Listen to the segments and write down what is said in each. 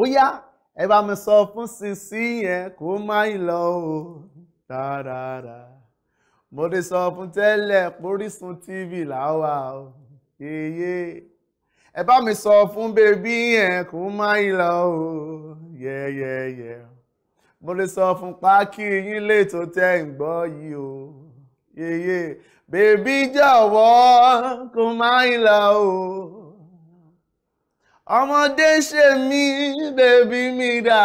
ó yá ẹ bá mi sọ fún sísìn yẹn kó má ì lọ o tààràrà mo ti sọ fún tẹ́lẹ̀ pórísun tv làwà o yeye ẹ bá mi sọ fún bébí yẹn kó má ì lọ o yẹyẹyẹ mo ti sọ fún pákí yín létò tẹ́ ń gbọ́ yìí o yeye bèbí jọ̀wọ́ kó má ì lọ o ọmọdé ṣe mí bèbí mi dà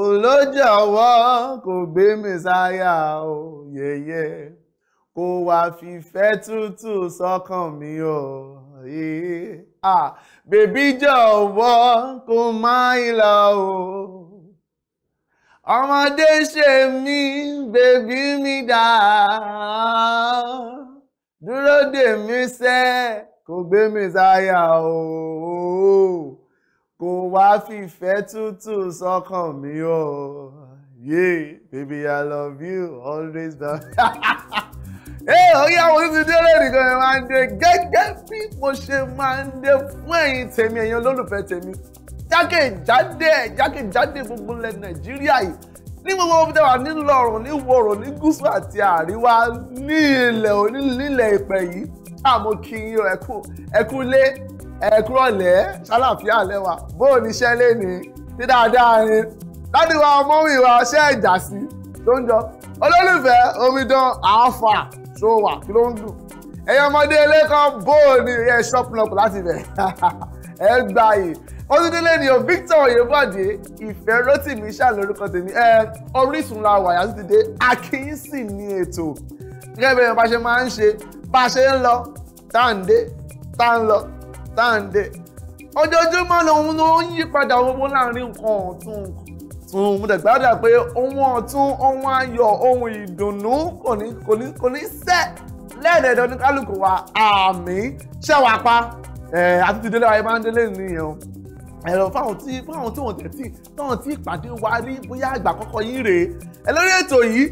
olójọ̀wọ́ kò gbé mi sáyà o yẹyẹ kó wá fìfẹ́ tútù sọ́kàn mi o bèbí jọ̀wọ́ kó má ìlà o ọmọdé ṣe mí bèbí mi dà dúró dè mí sẹ́ẹ̀ kò gbé mẹ́sáyà ooo kò wá fìfẹ́ tútù sọ́kàn mi o yeah baby i love you always love ee orí àwọn oníṣẹ́jọ́ lónìí kan máa ń dé gẹ́gẹ́ bí mo ṣe máa ń dé fún ẹ̀yin tèmi ẹ̀yin olólùfẹ́ tèmi jákèjádé jákèjádé gbogbo ilẹ̀ nàìjíríà yìí ní gbogbo ọmọ tẹwà nílọ̀rùn ní wọ̀rọ̀ ní gúúsù àti àríwá ní ilẹ̀ onílẹ̀ ìpẹ́ yìí mo kí yín o ẹkún ẹkún lé ẹkún ọ̀lẹ́ ṣàlàfíà lẹ́wà bóò ní iṣẹ́ lé ní ní dáadáa ni láti wá ọmọ ìwà ọṣẹ́ ìjà sí tó ń jọ olólùfẹ́ omidan àáfà tó wà kí ló ń dùn ẹ̀yin ọmọdé ẹlẹ́kọ̀ọ́ bóò ní ẹ̀ ṣọ́pùnọ̀pù láti bẹ̀ ẹ gbà yìí ó tún délé ni o Victor Oyèbọ̀dé ìfẹ́ Rótìmí ṣàlórúkọ tèmi ẹ Orísun la wà yàtúndé akínsìn ní ètò gẹ́gẹ́ bí ẹ̀yàn bá ṣe máa ń ṣe bá a ṣe ń lọ tá à ń dé tá à ń lọ tá à ń dé ojoojúmọ́ lòun ló ń yí padà owó láàrin nǹkan ọ̀tún tún mo dẹ̀ gbàdúrà pé ohun ọ̀tún ohun ayọ̀ ohun ìdùnnú kò ní kò ní kò ní sẹ́ lẹ́ẹ̀dẹ̀dọ̀ ní wa àmì ṣẹ́wàá pa àti ti délé wa máa ń délé nìyẹn o ẹ̀rọ fáwọn tí fáwọn tí wọ́n tẹ̀ tí táwọn tí ìpàdé wa rí bóyá àgbà kọ́kọ́ yín rèé ẹ lórí ètò yìí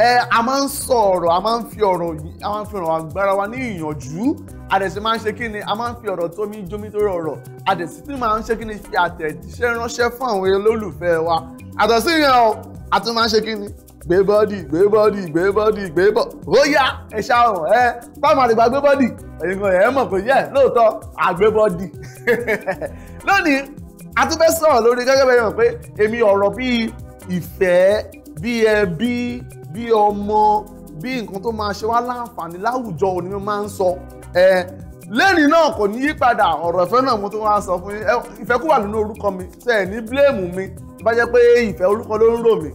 ẹ a máa ń sọ ọ̀rọ̀ a máa ń fi ọ̀rọ̀ a máa ń fi ọ̀rọ̀ agbára wa ní ìyànjú a dẹ̀ sì máa ń ṣe kí ni a máa ń fi ọ̀rọ̀ tómi jómi tó rọrọ̀ a dẹ̀ sì tún máa ń ṣe kí ni fi àtẹ̀jíṣẹ́ ránṣẹ́ fún àwọn olólùfẹ́ wa àtọ̀ sí yẹn o a tún máa ń ṣe kí ni gbé bọ́dì gbé bọ́dì gbé bọ́dì gbé bọ́ bóyá ẹ ṣàwọn ẹ fáwọn àdìgbà gbé bọ́dì ẹ̀yin kan ẹ̀ mọ̀ pé yẹ lóòótọ́ àgbé bọ́dì lónìí a tún fẹ́ bí ọmọ bí nǹkan tó máa ṣe wá láǹfààní láwùjọ òní mi máa ń sọ ẹ lẹ́ni náà kò ní yípadà ọ̀rọ̀ ìfẹ́ náà mo tó wá sọ fún yín ìfẹ́ kúwà nínú orúkọ mi ṣe ẹ̀ ní bíléèmù mi bá jẹ́ pé ìfẹ́ orúkọ ló ń rò mí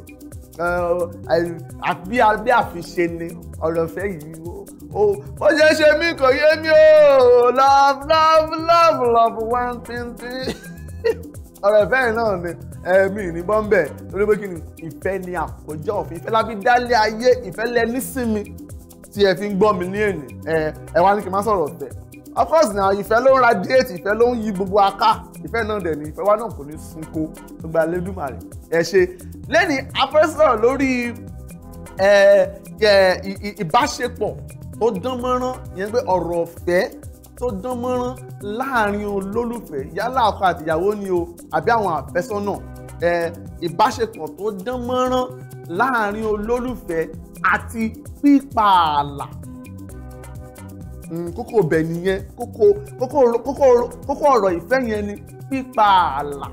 àbí abẹ́ àfiṣe ni ọ̀rọ̀ ìfẹ́ yìí o ó ṣe é ṣe mí kò yé mi o love love love love one thing thing ọ̀rọ̀ ìfẹ́ yìí náà ni ẹ̀mí ní bọ́m̀bẹ̀ lórí pé kí ni ìfẹ́ ni àkójọ òfin ìfẹ́ lábí dálé ayé ìfẹ́ lẹ nísìmi tí ẹ fi ń gbọ́ mi ní èní ẹ wá ní kí n má sọ̀rọ̀ ọ̀tẹ̀ of course na ìfẹ́ ló ń radiate ìfẹ́ ló ń yí gbogbo aká ìfẹ́ náà dẹ̀ ni ìfẹ́ wa náà kò ní sunko gbogbo alẹ́dùmarè ẹ ṣe lẹ́ni afẹ́sọ̀rọ̀ lórí ìbáṣepọ̀ tó dán mọ́rán yẹn pé ọ̀rọ̀ ọ̀fẹ́ tó dán mọ́rán láàrin olólùfẹ́ yálà ọkọ àtìyàwó ni o àbí àwọn àfẹ́sọ́nà ìbáṣepọ̀ tó dán mọ́rán láàrin olólùfẹ́ àti pípààlà hmm, kókó ọbẹ̀ nìyẹn kókó ọ̀rọ̀ ìfẹ́ yẹn ni pípààlà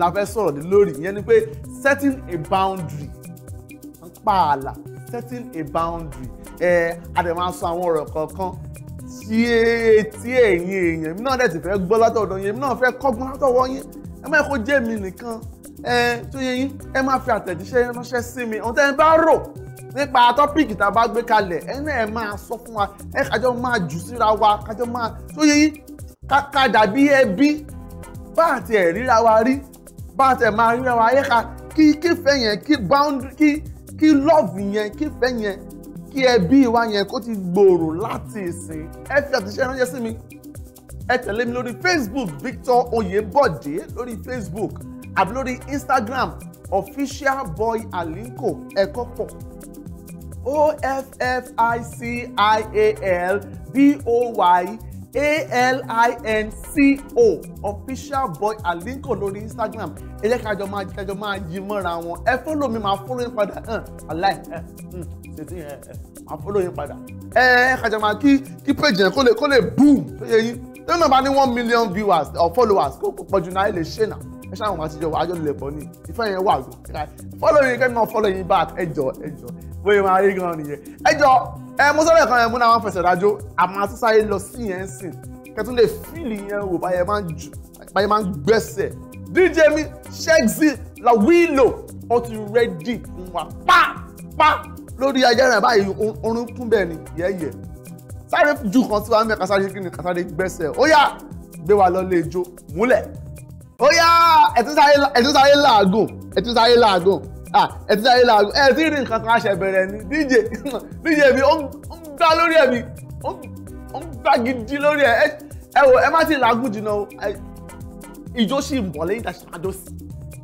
la fẹ́ sọ̀rọ̀ lé lórí ìyẹn ni pé setting a boundary pààlà setting a boundary ẹ̀ a dẹ̀ máa sọ àwọn ọ̀rọ̀ kọ̀ọ̀kan sí etí ẹ̀yin èèyàn mi náà dẹ̀ sì fẹ́ gbọ́ látọ̀dọ̀ yẹn mi náà fẹ́ kọ́gbọ́n látọ̀wọ́ yẹn ẹ má kó jẹ́ mi nìkan ẹ tó yẹ yín ẹ má fi àtẹ̀jíṣẹ́ ránṣẹ́ sí mi ohun tẹ́ ẹ bá rò nípa tọ́pìkì tá a bá gbé kalẹ̀ ẹ náà ẹ máa sọ fún wa ẹ kájọ máa jù síra wa kájọ máa tó yẹ yín káka dàbí ẹbí bá àti ẹ̀ ríra wa rí bá àti ẹ̀ máa ríra wa yẹ ká kí kí boundary kí kí kí ẹbí wa yẹn kó ti gbòòrò láti ìsìn ẹ fi àtẹ̀jíṣẹ́ ránṣẹ́ sí mi ẹ tẹ̀lé mi lórí Facebook Victor Oyèbọ̀dé lórí Facebook àbí lórí Instagram official boy alinko ẹ̀kọ́ pọ̀ o f f i c i a l b o y a-l-i-n-c-o official boy Alinco lórí instagram ẹ jẹ́ kájọ máa kájọ máa yí mọ́ra wọn ẹ fọ́lọ́ mi máa fọ́lọ́ yín padà hàn aláì ẹ ṣètì ẹ ẹ máa fọ́lọ́ yín padà ẹ kájọ máa kí kí péjì kó lè kó lè boom tó yẹ yín tó náà bá ní one million viewers or followers kó kó pọ̀jù náà ẹ lè ṣe náà ẹ ṣáà wọn àti ìjọba àjọ lè bọ̀ ní ìfẹ́ yẹn wà gbọ́ fọ́lọ́ yín kẹ́mi náà fọ́lọ́ yín back ẹ jọ ẹ jọ bóyá máa rí gan nìyẹn ẹ jọ ẹ mú sọ́dọ̀ kan ẹ múná wọn fẹsẹ̀ dájọ́ àmọ́ sísáyé lọ sí yẹn sìn kẹtún lè fíìlì yẹn wò báyẹn máa ń jù báyẹn máa ń gbẹ́sẹ̀ dj mi ṣẹ́gzì la wílò ó ti rẹ́dì fún wa pápá lórí ayára báyìí orun kún bẹ́ẹ̀ ni yẹ́yẹ́ sáré ju kan tí wàá mẹ́ kásáré kí ni kásáré gbẹ́sẹ̀ ó yá gbé wa lọ lé ijó múlẹ̀ ó yá ẹ̀tún sáré làágùn ẹ̀tún sáré làágùn Ah, ẹ ti sáré làágùn ẹ ti rí nǹkan kan ni DJ DJ mi ó ń gbá lórí ẹ̀ mi ó ń gbá gidi lórí ẹ̀ ẹ wò ẹ má ti làágùn jìnnà o ìjó sì ń bọ̀ lẹ́yìn tàṣí àjọ sí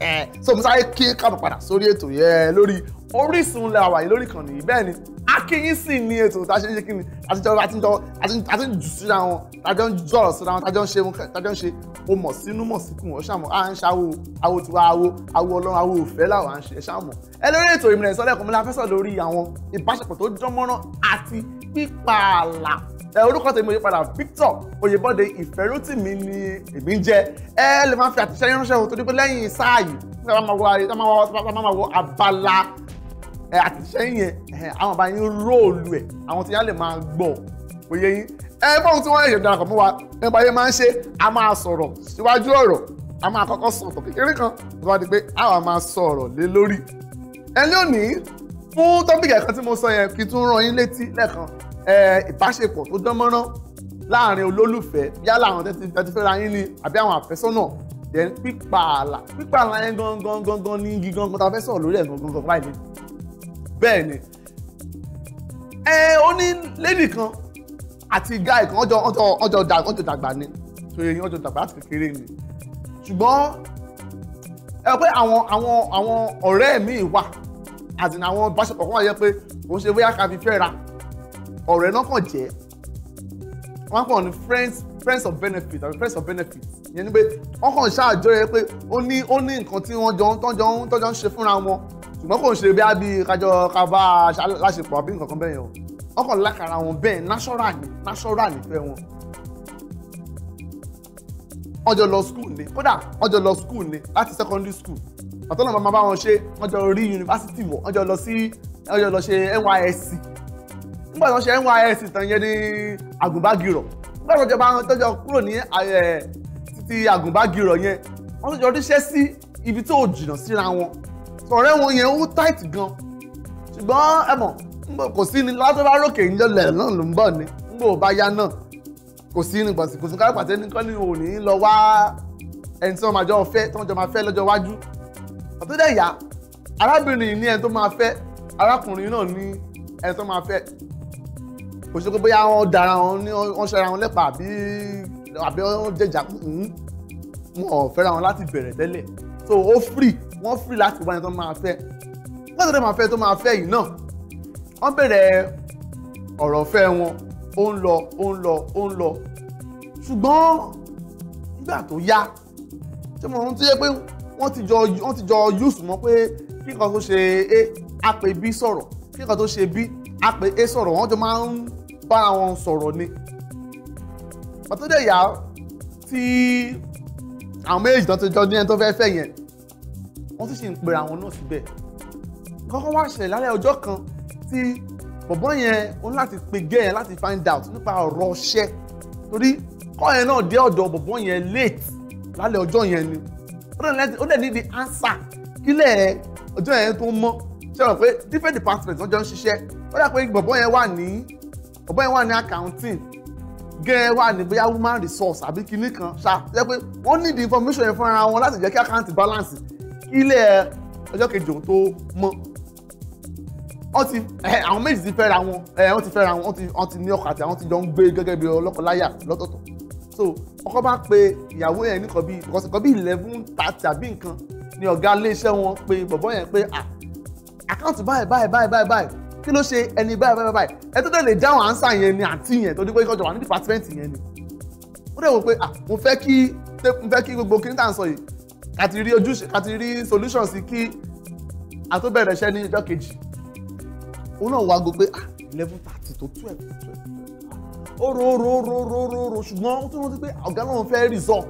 ẹ̀ so mo sáré kí kàbọ̀ padà sórí ètò yẹn lórí Orísun làwà yìí lórí ìkànnì yìí bẹ́ẹ̀ ni akínyìn sì ní ètò tá a ṣe ń ṣe kí ni àtijọ́ àtijọ́ àti jù síra wọn tájọ́ ń jọ̀rọ̀ síra wọn tájọ́ ń ṣe tájọ́ ń ṣe o mọ̀ sínú mọ̀ sí kùn ọ́ ṣàmọ̀ à ń ṣàwò àwo tiwa àwo àwo ọlọ́run àwo òfẹ́ làwọn à ń ṣe ẹ ṣàmọ̀ ẹ lórí ètò ìmìlẹ̀ ìsọ́lẹ̀ kọ́mílá fẹ́sọ̀ lórí àwọn ìbáṣepọ̀ tó dánmọ́rán àti pípààlà ẹ orúkọ tèmi yí padà Victor Oyèbọdè Ìfẹ́rótìmí ni èmi ń jẹ ẹ lè máa fi àtẹ̀ṣẹ́ ránṣẹ́ o torí ẹ àti sẹ́yìn ẹ àwọn bá yín róòlù ẹ àwọn tí yá lè máa gbọ́ kò yé yín ẹ fóun tí wọ́n yẹ̀ darapọ̀ mọ́ wa ẹ bá yẹ máa ń ṣe a máa sọ̀rọ̀ síwájú ọ̀rọ̀ a máa kọ́kọ́ sọ̀tọ̀ kékeré kan tó bá di pé a wà máa sọ̀rọ̀ lé lórí ẹ ní òní fún tọ́pìkì ẹ̀kan tí mo sọ yẹn kí tún rán yín létí lẹ́ẹ̀kan ìbáṣepọ̀ tó dán mọ́rán láàrin olólùfẹ́ yálà àwọn tẹ́tí fẹ́ra yín ni àbí àwọn àfẹ́sọ́nà then pípa ààlà pípa ààlà yẹn gangan gangan ní igi gangan tá a fẹ́ sọ̀rọ̀ lórí ẹ̀ gangan gangan báyìí bẹ́ẹ̀ ni ẹ ó ní lady kan àti guy kan ọjọ́ ọjọ́ ọjọ́ ọjọ́ dàgbà ni ṣòye yín ọjọ́ dàgbà láti kékeré ni ṣùgbọ́n ẹ pé àwọn àwọn àwọn ọ̀rẹ́ mi wà àti àwọn ìbáṣepọ̀ kan wà yẹ pé òun ṣe bóyá ká fi fẹ́ ra ọ̀rẹ́ náà kàn jẹ́ wọ́n kàn ní friends friends of benefit àbí friends of benefit yẹn ni pé wọ́n kàn ṣáàjọ yẹ pé ó ní ó ní nǹkan tí wọ́n jọ ń tọ́jọ́ ń tọ́jọ́ ń ṣe fúnra wọn ṣùgbọ́n kò ń ṣe bí a bí kájọ kábà láṣepọ̀ àbí nǹkan kan bẹ́ẹ̀ yẹn o ọkàn lákàrà wọn bẹ́ẹ̀ natural ni natural nífẹ̀ẹ́ wọn ọjọ́ lọ school ni kódà ọjọ́ lọ school ni láti secondary school àtọ́nà máa bá wọn ṣe ọjọ́ rí yunifásitì wọ̀ ọjọ́ lọ sí ọjọ́ lọ ṣe NYSC nígbà tó ṣe NYSC tán yẹn ní àgùnbágirọ̀ nígbà tó jọba tọ́jọ́ kúrò ní títí àgùnbágirọ̀ yẹn wọ́n tó jọ ríṣẹ́ sí ibi tó jìnnà síra wọn ọ̀rẹ́ wọn yẹn ó tight gan ṣùgbọ́n ẹ mọ̀ kò sí ni látọ́lá rókè ń lọlẹ̀ náà ló ń bọ̀ ni ń bò bá yá náà kò sí ni gbọ̀nsìn kò sí káyọ̀ pàtẹ́ nìkan ni òní lọ wá ẹni tí wọ́n máa jọ fẹ́ tí wọ́n jọ máa fẹ́ lọ́jọ́ iwájú àtúndẹ̀ yá arábìnrin ní ẹni tó máa fẹ́ arákùnrin náà ní ẹni tó máa fẹ́ kò ṣe pé bóyá wọ́n dara wọn ní wọ́n ṣe ara wọn lẹ́pà àbí àbí wọ́n jẹjà mm-hmm. wọn ò fẹ́ra wọn láti bẹ̀rẹ̀ tẹ́lẹ̀ so ó free wọ́n free láti wá ẹni tó máa fẹ́ wọ́n tó dé máa fẹ́ tó máa fẹ́ yìí náà wọ́n bẹ̀rẹ̀ ọ̀rọ̀ fẹ́ wọn ó ń lọ ó ń lọ ó ń lọ ṣùgbọ́n nígbà tó yá ṣé mo rántí pé wọ́n ti jọ wọ́n ti jọ yúùsù mọ́ pé kí nǹkan tó ṣe é á pè bí sọ̀rọ̀ kí nǹkan tó ṣe bí á pè é sọ̀rọ̀ wọ́n jọ máa ń bára wọn sọ̀rọ̀ ni pàtó dẹ̀ yá tí àwọn méjì tó ti jọ ní ẹni tó fẹ́ fẹ́ yẹn wọ́n sì ṣe ń pera wọn náà síbẹ̀ kọ́kọ́ wá ṣẹlẹ̀ lálẹ́ ọjọ́ kan tí bọ̀bọ́ yẹn ó ní láti pe gẹ́ yẹn láti find out nípa ọ̀rọ̀ ọṣẹ torí kọ́ yẹn náà dé ọ̀dọ̀ bọ̀bọ́ yẹn late lálẹ́ ọjọ́ yẹn ni ó dẹ̀ ní the answer kílẹ̀ ọjọ́ yẹn tó mọ́ ṣe rò pé different departments wọ́n jọ ń ṣiṣẹ́ ó dà pé bọ̀bọ́ yẹn wà ní bọ̀bọ́ yẹn wà ní accounting gẹ́ẹ́ wà ní bóyá human resource àbí kinní kan ṣá jẹ́ pé wọ́n need the information yẹn fúnra wọn láti jẹ́ kí account balance kílẹ̀ ọjọ́ kejì òun tó mọ́ wọ́n ti àwọn méjì ti fẹ́ra wọn wọ́n ti fẹ́ra wọn wọ́n ti ní ọkọ àti àwọn ti jọ ń gbé gẹ́gẹ́ bí ọlọ́kọláyà lọ́tọ̀ọ̀tọ̀ so ọkọ bá pe ìyàwó yẹn nìkan bíi nǹkan bíi eleven thirty àbí nǹkan ni ọ̀gá iléeṣẹ́ wọn pe bọ̀bọ̀ yẹn pé ah àkáǹtì báyìí báyìí báyìí báyìí báyìí kí ló ṣe ẹni báyìí báyìí báyìí ẹ tó dẹ̀ lè dáhùn àǹsà yẹn ni àǹtí yẹn tó ní pé kọjọ wà ní dìpátímẹ́ǹtì yẹn ni ó dẹ̀ wò pé ah mo fẹ́ kí gbogbo kí ní tà ń sọ yìí àti rí ojúṣe àti rí solution sí kí àtúbẹ̀rẹ̀ iṣẹ́ ní ọjọ́ kejì òun náà wá go pé ah level thirty to twelve twelve ó ro ro ro ro ro ro ṣùgbọ́n ó tún rántí pé ọ̀gá náà fẹ́ result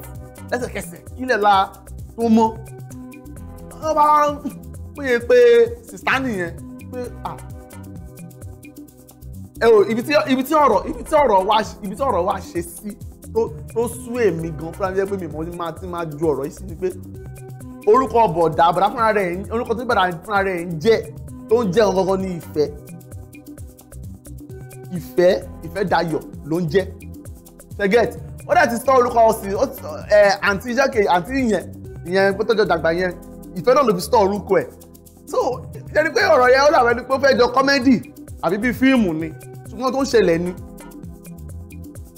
lẹ́sẹ̀kẹsẹ̀ kílẹ̀ la tó mọ́ wọ́n bá péye pé sista nìyẹn pé ah ẹ o ibi tí ọ̀rọ̀ ibi tí ọ̀rọ̀ wá ṣe sí tó sú èmi gan fúnra jẹ́ pé mi mọ̀ ní máa ti máa ju ọ̀rọ̀ yìí sí ni pé orúkọ bọ̀dà bọ̀dà fúnra rẹ̀ orúkọ tó bọ̀dà fúnra rẹ̀ ń jẹ́ tó ń jẹ́ gangan ní ìfẹ́ ìfẹ́ ìfẹ́ dayọ̀ ló ń jẹ́ forget ó dẹ̀ ti sọ orúkọ ọ̀sìn àǹtí iṣẹ́ kejì àǹtí yẹn ìyẹn pé tọ́jọ́ dàgbà yẹn ìfẹ́ náà ló fi sọ orúkọ ẹ̀ so ẹni pé ọ̀rọ̀ yẹn ó dàbẹ́ ni pé ó fẹ́ jọ kọ́mẹ́dì àbí bíi fíìmù ni ṣùgbọ́n tó ń ṣẹlẹ̀ ni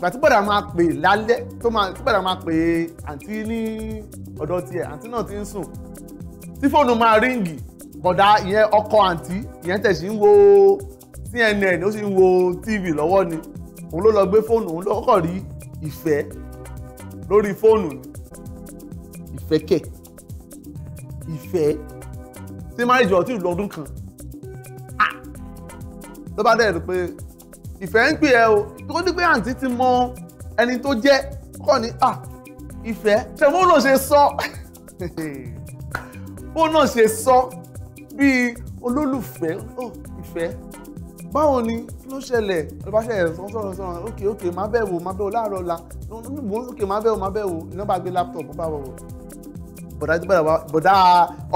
ìgbà tí bọ̀dà máa pè lálẹ́ tó máa tí bọ̀dà máa pè àǹtí ní ọ̀dọ̀ tiẹ̀ àǹtí náà ti ń sùn tí fóònù máa ríǹgì bọ̀dà ìyẹn ọkọ àǹtí ìyẹn tẹ̀ sí ń wo CNN ó sì ń wo TV lọ́wọ́ ni òun ló lọ gbé fóònù òun ló kọ̀ rí ìfẹ́ lórí fóònù ni ìfẹ́ kẹ̀ ìfẹ́ tí máa jọ ọtí ìlú ọdún kan ló ah! bá dẹ̀ rí pé ìfẹ́ ń pè ẹ́ o tó ní pé àǹtí ti mọ ẹni tó jẹ́ kọ́ ni à ìfẹ́ ṣe bó náà ṣe sọ bó náà ṣe sọ bíi olólùfẹ́ ìfẹ́ báwo ni ló ṣẹlẹ̀ ló bá ṣẹlẹ̀ sọ sọ̀rọ̀ sọ̀rọ̀ ókè ókè má bẹ̀ wò má bẹ̀ wò láàárọ̀ la ókè má bẹ̀ wò má bẹ̀ wò iná bá gbé láptọ̀pù bá wọ̀ wọ̀ bọ̀dá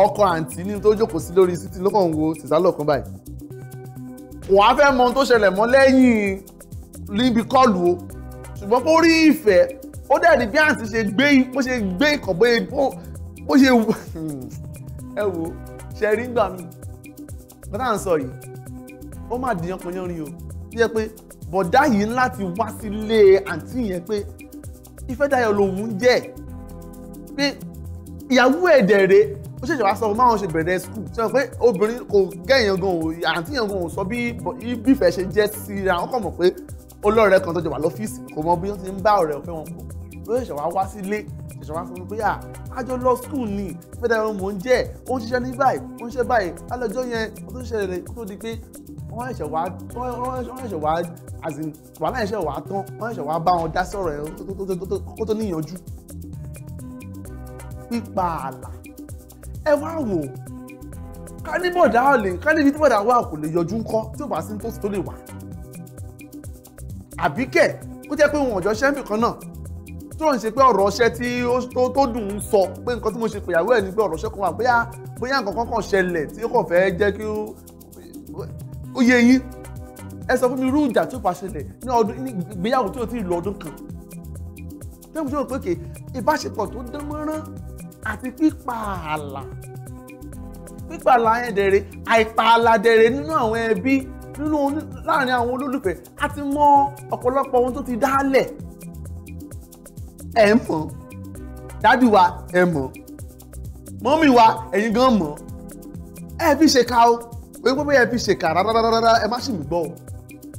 ọkọ àǹtí ní tó jókòó sí lórí sítì lọ́kàn wo sísálọ̀ kan báyìí òun á fẹ́ mọ ohun tó ṣẹlẹ̀ mọ́ lẹ́yìn níbi kọ́ọ̀lù o ṣùgbọ́n kó rí ìfẹ́ ó dẹ̀ ní bí àǹtí ṣe gbé bó ṣe gbé ìkọ̀ bó ṣe bó ṣe ẹ wo ṣe rí gbà mí bàtà ń sọ yìí ó má dìyàn kan yánrin o bí ẹ pé bọ̀dá yìí láti wá sílé àǹtí yẹn pé ìfẹ́ dayọ̀ lòun jẹ́ pé ìyàwó ẹ̀dẹ̀ rèé ó ṣèṣe wàá sọ fún báwọn ṣe bẹ̀rẹ̀ skul ṣe wọn pé obìnrin kò gẹ̀yàn gan o àǹtí yẹn gan o sọ bí bífẹ̀ ṣe jẹ́ síra wọn kàn mọ̀ pé olóòrẹ́ kan tó jọ wà lọ́fíìsì kò mọ bí wọ́n ti ń bá ọ̀rẹ́ ọ̀fẹ́ wọn pọ̀ ló ṣẹ̀ṣẹ̀ wá wá sílé ṣẹ̀ṣẹ̀ wá fún mi pé à ájọ lọ skul ni fẹ́tẹ̀ ẹ̀rọ mò ń jẹ́ ó ń ṣiṣẹ́ ní báyìí ó ń ṣe báyìí alọ́jọ́ yẹn ó tó ṣẹlẹ̀ kó tó di pé wọ́n ẹ̀ṣẹ̀ wá wọ́n ẹ̀ṣẹ̀ wá àzìn wàhálà ẹ̀ṣẹ̀ wá tán wọ́n ẹ̀ṣẹ̀ wá bá wọn dá sọ̀rọ̀ ẹ̀ kó tó níyànjú pípa ààlà ẹ wá wò ká ní bọ̀dá ọ̀lẹ̀ ká níbi tí bọ̀dá wà kò lè yọjú ńkọ́ tí ò bá sí nítòsí tó lè wà àbíkẹ́ kó jẹ́ pé òun ọ̀jọ́ ṣẹ́ńbì kan náà tó ń ṣe pé ọ̀rọ̀ ọṣẹ́ tí tó dùn ún sọ pé nǹkan tí mo ṣe pèyàwó ẹ̀ ni pé ọ̀rọ̀ ọṣẹ́ kan wà bóyá bóyá nǹkan kan kan ṣẹlẹ̀ tí kò fẹ́ jẹ́ kí ó yé yín ẹ sọ fún mi irú ìjà tó bá ní ọdún ìgbéyàwó tí o ti lọ ọdún kan tẹ́lifíṣàn pé kì í ìbáṣepọ̀ tó dán mọ́rán àti pípa ààlà pípa ààlà yẹn dẹ̀rẹ̀ àìpa ààlà dẹ̀rẹ̀ nínú àwọn ẹbí nínú láàrin àwọn olólùfẹ́ a ti mọ ọ̀pọ̀lọpọ̀ ohun tó ti dálẹ̀ ẹ̀ ń mọ̀ dádì wa ẹ̀ mọ̀ mọ́mì wa ẹ̀yin gan mọ̀ ẹ fi ṣèkà o wípé bóyá ẹ fi ṣèkà rárá ẹ má sì mí gbọ́ o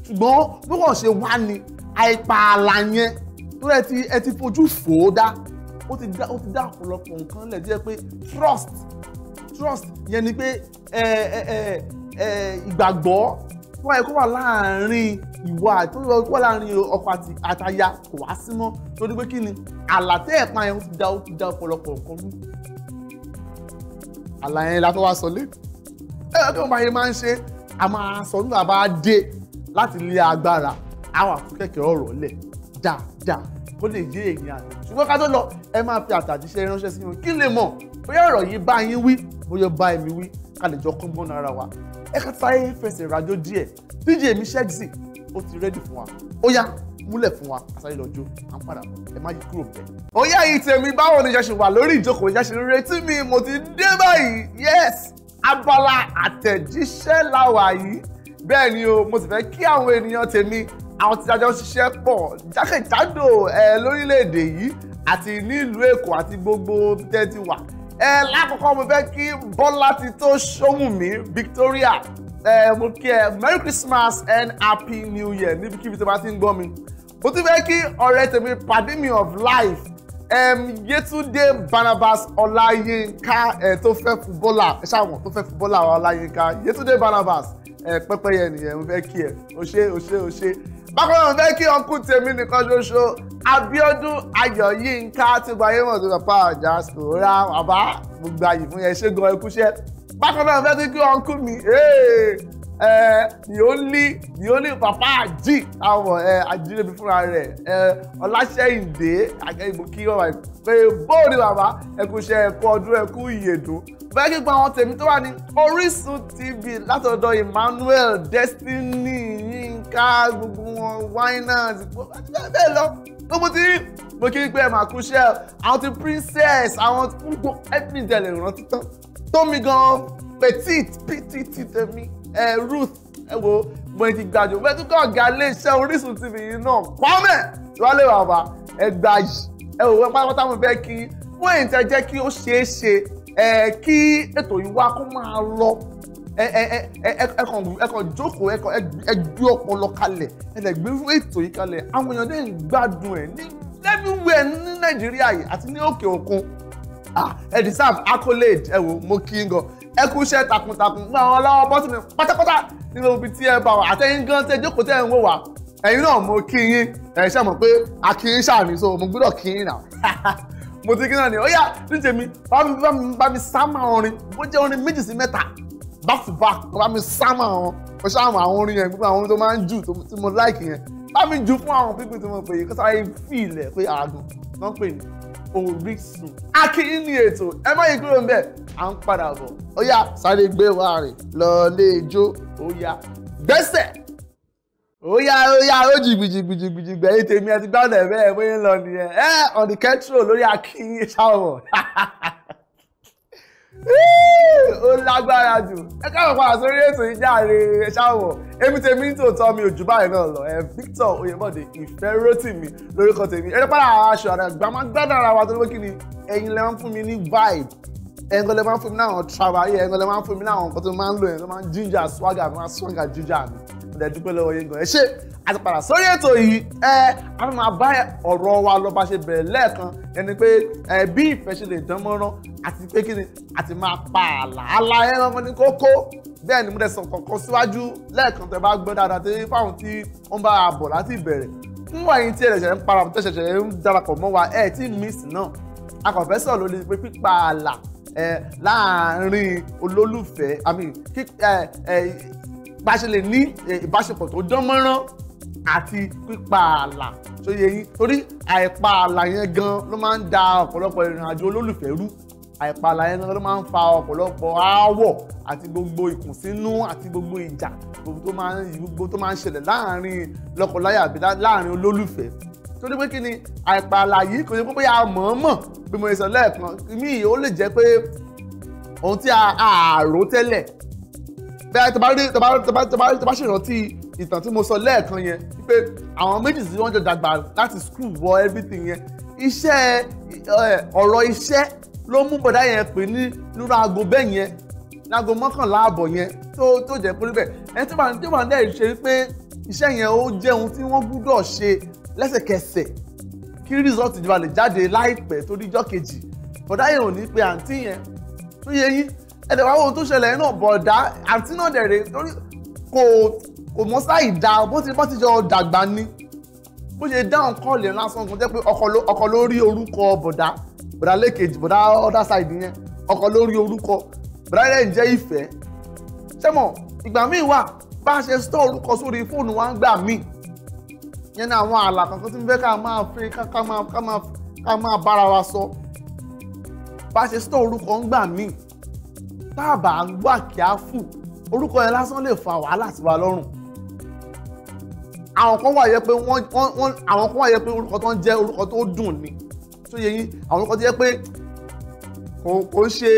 ṣùgbọ́n bí wọ́n ṣe wá ni àìpa ààlà yẹn tó ẹ ti fojú fò ó dá ó ti dá ó ti dá ọ̀pọ̀lọpọ̀ nǹkan lẹ̀ díẹ̀ pé trust trust yẹn ni pé ẹ ẹ ẹ ẹ ìgbàgbọ́ tó wáyé kó wà láàárín ìwà tó wà láàárín ọkọ àti àtaya kò wá sí mọ́ torí pé kí ni àlà tẹ́ pa yẹn ó ti dá ó ti dá ọ̀pọ̀lọpọ̀ nǹkan mú àlà yẹn la tó wá sọ lé ẹ ẹ kí wọn bá yẹn máa ń ṣe a máa sọ nígbà bá dé láti lé agbára àwọn àfúkẹ́kẹ́ ọ̀rọ̀ lẹ̀ dáadáa ó lè yé èèyàn àná ṣùgbọ́n ká tó lọ ẹ máa fi àtàjíṣẹ́ ránṣẹ́ sí wọn kí lè mọ̀ bóyá ọ̀rọ̀ yìí bá yín wí bóyá bá èmi wí ká lè jọ kọ́gbọ́n ara wa ẹ ká sáré fẹsẹ̀ rájò díẹ̀ DJ mi ṣẹ́gìsì ó ti rẹ́dì fún wa ó yá múlẹ̀ fún wa àsáré lọ́jọ́ à ń padà ẹ má yí kúrò bẹ́ẹ̀. ó yá yìí tèmi báwo ni ṣẹṣin wà lórí ìjókòó ìṣẹṣin retí mi mo ti dé báyìí yes abala àtẹ̀jíṣẹ́ la wà yìí bẹ́ẹ̀ ni o mo sì fẹ́ kí àwọn ènìyàn tèmi àwọn tí dájọ́ ṣiṣẹ́ pọ̀ jákèjádò lórílẹ̀‐èdè yìí àti nílùú èkó àti gbogbo tẹ́ ti wà ẹ lákọ̀ọ́kọ́ mo fẹ́ kí bọ́lá ti tó ṣóhùnmí victoria ẹ mo kí ẹ merry christmas and happy new year níbikíbi tó bá ti ń gbọ́ mi mo tún fẹ́ kí ọ̀rẹ́ tèmi pàdé mi of life um, yetunde barnabas ọláyínká ẹ tó fẹ́ fúbọ́là ẹ ṣàwọn tó fẹ́ fúbọ́là ọláyínká yetunde barnabas ẹ pẹ́pẹ́yẹ nìyẹn mo fẹ́ kí ẹ o ṣé o ṣé o ṣé bákan náà fẹ́ kí ọkùn tèmi nìkan ṣoṣo Abíọ́dún Ayọ̀yínká tí gba ayé mọ̀ tó lọ pa ọjà sòrá bàbá gbogbo àyè fún yẹn ṣé gan ẹkúṣẹ́ bákan náà fẹ́ kí ọkùn mi ẹ the only the only papa àjì àwọn ẹ àjírẹ́bí fúnra rẹ̀ ẹ ọláṣẹ́yìndé àgẹ́yìnbó kí wọ́n wà pé bóòdì bàbá ẹkú iṣẹ́ ẹ̀kọ́ ọdún ẹkú ìyèdùn bẹ́ẹ̀ kíkọ́ àwọn tèmi tó wà ní Orísun TV látọ̀dọ̀ Emmanuel Destiny Yinka gbogbo wọn winans bẹ́ẹ̀ lọ gbogbo tí mo kí pé ẹ máa kú iṣẹ́ àwọn ti princess àwọn gbogbo ẹ̀pìndẹ̀lẹ̀ ìrántí tán tómi gan petit petit tèmi. Ruth ẹ wo mo ti gbàjọ bẹ́ẹ̀ tún kọ́ ọ̀gá iléeṣẹ́ Orísun TV yìí náà Kwame Wálé bàbá ẹ gbàjì ẹ wò wẹ́ pátápátá mo fẹ́ kí fún èyí tẹ́ jẹ́ kí ó ṣeé ṣe kí ètò yìí wá kó máa lọ ẹ kàn jókòó ẹ gbé ọpọlọ kalẹ̀ ẹ lè gbé ètò yìí kalẹ̀ àwọn èèyàn dẹ̀ ń gbádùn ẹ̀ ní everywhere ní Nàìjíríà yìí àti ní òkè òkun ah, ẹ deserve accolade ẹ wò mo kí n gan ẹ kú iṣẹ́ takuntakun fún àwọn ọlọ́wọ́ bọ́sùn mi pátápátá nínú ibi tí ẹ bá wà àtẹ̀yìn gan tẹ́ jókòó tẹ́ ń wò wá ẹ̀yin náà mo kí yín ẹ̀ ṣe mọ̀ pé a kì í ṣàmì so mo gbọ́dọ̀ kí yín náà mo ti kí náà ni ó yá ní tèmi bá mi bá mi bá mi sámà orin bó jẹ́ orin méjì sí mẹ́ta back to back bá mi sámà wọn mo ṣáàmù àwọn orin yẹn gbogbo àwọn orin tó máa ń jù tí mo like yẹn bá mi jù fún àwọn pípé tí mo pè é kó sáré fìlẹ̀ pé àádùn náà pè ní Orísun akíní ètò ẹ má yí kúrò níbẹ̀ à ń padà bọ̀ ó yá sáré gbé wa rìn lọ́ọ́lé ijó ó yá gbẹ́sẹ̀ ó yá ó yá ó jìgbìjìgbìjìgbìjì gbẹ̀yìn tèmi àti báńdẹ̀ bẹ́ẹ̀ bóyá ń lọ nìyẹn ẹ ọ̀nì kẹ́tírò lórí akíní ṣáwọ̀ ó lágbára jù ẹ káwọn padà sórí ètò ìjáre ẹ ṣáwọ èmi tèmi tòótọ́ mi ò jù báyìí náà lọ ẹ Victor Oyèbọ̀dé ìfẹ́ Rótìmí lórúkọ tèmi ẹ padà aṣọ àdá gbàmọ́ gbádùn ara wa tó ló kí ni ẹ̀yin lẹ́ ń fún mi ní vibe ẹ̀yin kan lẹ́ máa ń fún mi láwọn travel ayé ẹ̀yin kan lẹ́ máa ń fún mi láwọn nǹkan tó máa ń lò yẹn tó máa ń ginger swagger máa swagger ginger mi ọ̀dẹ̀ dúpẹ́ lọ́wọ́ yín gan ẹ ṣé àti padà sórí ètò yìí ẹ a máa bá ọ̀rọ̀ wa lọ bá ṣe bẹ̀rẹ̀ lẹ́ẹ̀kan ẹni pé ẹ bí ìfẹ́ ṣe lè dán mọ́rán àti pé kí ni àti máa pa àlà àlà ẹran wọn ni kókó bẹ́ẹ̀ ni mo dẹ̀ sàn kọ̀ọ̀kan síwájú lẹ́ẹ̀kan tẹ́ bá gbọ́ dáadáa tí fáwọn tí wọ́n bá a bọ̀ láti ìbẹ̀rẹ̀ fún ẹ̀yin tí ẹ̀ṣẹ̀ ń para tẹ́ ṣẹ̀ṣẹ̀ ń darapọ̀ mọ́ wa ẹ̀ tí miss náà akọ̀fẹ́ sọ̀rọ̀ lórí pé pípa àlà láàárín olólùfẹ́ bá ṣe lè ní ìbáṣepọ̀ tó dán mọ́rán àti pípa àlà tó yẹ yín torí àìpa àlà yẹn gan ló máa ń da ọ̀pọ̀lọpọ̀ ìrìn àjò olólùfẹ́ rú àìpalà ẹnu ló máa ń fa ọ̀pọ̀lọpọ̀ aáwọ̀ àti gbogbo ìkùnsínú àti gbogbo ìjà gbogbo tó máa ń ṣẹlẹ̀ láàrin lọ́kọláya àbí láàrin olólùfẹ́ torí pé kí ni àìpalà yìí kò ní pé bóyá mọ̀ọ́mọ̀ bí mo sọ lẹ́ẹ̀kan mí ó lè jẹ́ pé ohun tí a rò tẹ́lẹ̀ bẹ́ẹ̀ tó bá rí tó bá tó bá tó bá tó bá ṣèrántí ìtàn tí mo sọ lẹ́ẹ̀kan yẹn pé àwọn méjì tí wọ́n jọ dàgbà láti school wọ everything yẹn iṣẹ́ ọ̀rọ̀ iṣẹ́ ló mú bọ̀dá yẹn pè ní nínú aago bẹ́ẹ̀ yẹn láago mọ́kànlá àbọ̀ yẹn tó tó jẹ́ pé níbẹ̀ ẹni tí wọ́n tí wọ́n dẹ̀ ṣe pé iṣẹ́ yẹn ó jẹ́ ohun tí wọ́n gbúdọ̀ ṣe lẹ́sẹ̀kẹsẹ̀ kí rìsọ́ọ̀tì ìjọba lè jáde láìpẹ́ torí ijọ́ kejì bọ̀dá yẹn ò ní pe àǹtí yẹn tó yẹ yín ẹ̀dẹ̀ wá wo tó ṣẹlẹ̀ náà bọ̀dá àǹtí náà dẹ̀ rè torí kò kò mọ sáì da bó ti bó ti jọ dàgbà ni bó ṣe dáhùn kọ́ọ̀lì lásán kan jẹ́ pé ọkọ ló rí orúkọ bọ̀dá bùdá lẹ́kejì bùdá ọ̀dà ṣáìdì yẹn ọkọ̀ lórí orúkọ bùdá rẹ̀ ń jẹ́ ìfẹ́ sẹ́mọ̀ ìgbà míì wà bá a ṣe store orúkọ sórí fóònù wa ń gbà míì yẹn ní àwọn ààlà kankan tí ń fẹ́ ká máa fi ká máa ká máa ká máa bára wa sọ bá a ṣe store orúkọ ń gbà míì tá a bá ń gbà kí á fù orúkọ yẹn lásán lè fa wàhálà sí wa lọ́rùn àwọn kan wà yẹ pé orúkọ tó ń jẹ́ orúkọ tó dùn ni tó yẹ yín àwọn orúkọ tó yẹ pé kò ń ṣe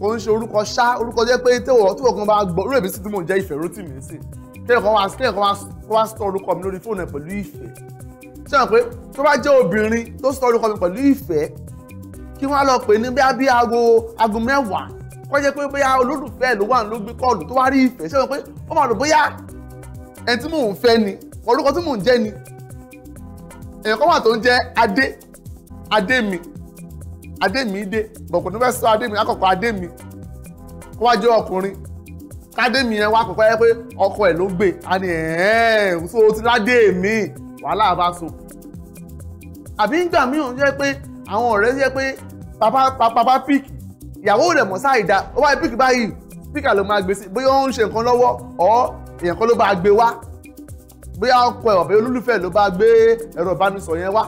kò ń ṣe orúkọ ṣá orúkọ tó yẹ pé tẹ̀wọ̀ tí wọ́n kan bá gbọ́ orí èmi sì tí mò ń jẹ́ ìfẹ́ rótì mi sí kéèyàn kan wá kéèyàn kan wá sọ orúkọ mi lórí fóònù ẹ̀ pẹ̀lú ìfẹ́ ṣé wọn pé tó bá jẹ́ obìnrin tó sọ orúkọ mi pẹ̀lú ìfẹ́ kí wọ́n á lọ pè ní bí abí aago aago mẹ́wàá kọ́ jẹ́ pé bóyá olólùfẹ́ ló wà ló gbé kọ́ọ̀lù tó wá rí ìfẹ́ ṣé wọn pé ó máa rò bóyá ẹni tí mò ń fẹ́ ni orúkọ tí mò ń jẹ́ ni èèyàn wà tó ń jẹ́ adé adémi adémi dé gbọ̀gbọ̀n tó fẹ́ sọ adémi akọ̀kọ̀ adémi kó wá jẹ́ ọkùnrin kádémi yẹn wá kọ̀kọ́ yẹ pé ọkọ ẹ̀ ló gbé a ní ẹ̀ẹ́n so ti ládémi wàhálà bá so àbí ń gbà míràn jẹ́ pé àwọn ọ̀rẹ́ jẹ́ pé pàpà píìkì ìyàwó rẹ̀ mọ̀ sáà ìdá ó wáyé píìkì báyìí píìkì ló máa gbé sí bóyá ó ń ṣe nǹkan lọ́wọ́ ọ́ èèyàn kan ló bá gbé wá bóyá ọkọ ẹ̀ ọ̀bẹ olólùfẹ́ ló bá gbé ẹ̀rọ ìbánisọ̀ yẹn wá